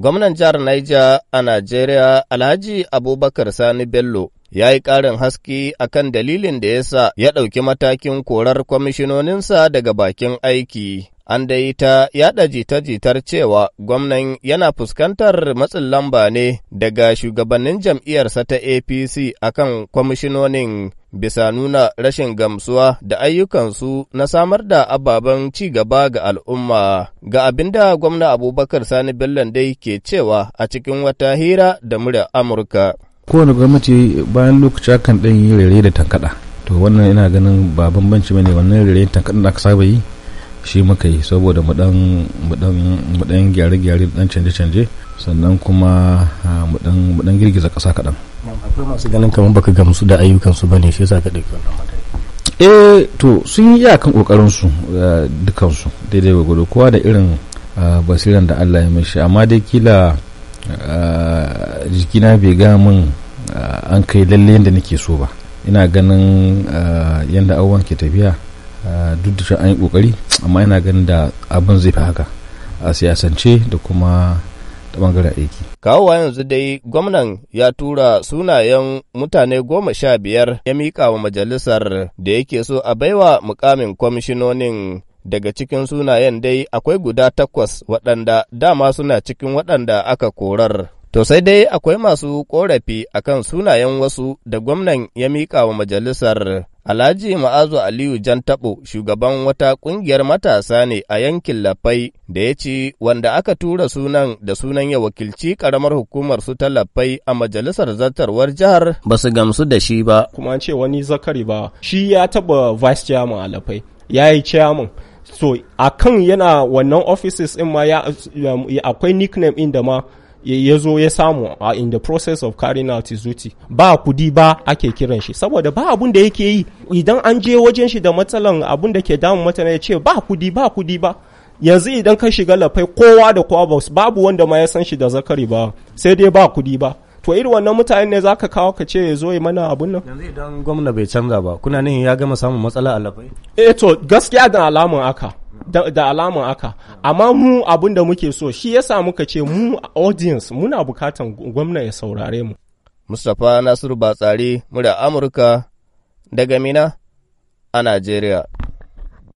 Gwamnan jihar Niger a Najeriya Alhaji Abubakar Sani Bello ya yi ƙarin haske a kan dalilin da ya sa ya ɗauki matakin korar kwamishinoninsa daga bakin aiki an da ta yaɗa jita-jitar cewa gwamnan yana fuskantar matsin lamba ne daga shugabannin jam'iyyarsa ta APC akan kwamishinonin bisa nuna rashin gamsuwa da ayyukansu na samar da ababen ci gaba ga al'umma ga abin da gwamna abubakar sani bellan dai ke cewa a cikin wata hira da murya amurka kowane gwamnati bayan lokaci akan ɗan yi rere da tankaɗa to wannan ina ganin ba bambanci bane wannan rere tankaɗa da aka saba yi shi muka yi saboda mu dan gyare-gyare dan canje-canje sannan kuma ah, mu dan girgiza ƙasa kaɗan akwai masu ganin kamar baka gamsu da ayyukansu ba ne shi za ka ɗauki wannan eh, to sun yi iyakan ƙoƙarinsu eh, dukansu daidai gudu kowa da irin ah, basiran da allah ya mishi amma dai kila ah, jikina bai ga min an kai lalle yadda nake so ba ina ganin yadda abubuwan ke tafiya Eh, duk da an yi kokari amma yana ganin da abin zai fi haka a siyasance da kuma ta bangaren aiki. Kawowa yanzu dai gwamnan ya tura sunayen mutane goma sha biyar ya miƙa wa majalisar da yake so a baiwa mukamin kwamishinonin daga cikin sunayen dai akwai guda takwas waɗanda dama suna cikin waɗanda aka korar. To sai dai akwai masu ƙorafi akan sunayen wasu da gwamnan ya miƙa wa majalisar Alhaji Ma'azu Aliyu Jantaɓo shugaban wata ƙungiyar matasa ne a yankin Lafai da ya ce wanda aka tura sunan da sunan ya wakilci ƙaramar hukumar su ta Lafai a majalisar zartarwar jihar ba su gamsu da shi ba. Kuma ce wani zakari ba shi ya taɓa vice chairman a Lafai ya yi chairman. So a kan yana wannan offices in ma ya akwai nickname in da ma ya zo ya samu a in the process of carrying out his duty ba kudi ba ake kiran shi saboda ba abun da yake yi idan an je wajen shi da matsalan abun da ke damun mutane ya ce ba kudi ba kudi ba yanzu idan ka shiga lafai kowa da kowa babu wanda ma ya san shi da zakari ba sai dai ba kudi ba to irin wannan mutane ne zaka kawo ka ce ya zo ya mana abun nan yanzu idan gwamna bai canza ba kuna nan ya gama samun matsala a lafai eh to gaskiya da alamun aka da, da alaman aka amma mu abin da muke so shi yasa muka ce mu audience muna bukatan gwamna ya saurare mu Mustapha Nasiru Batsari murya Amurka daga Mina a Najeriya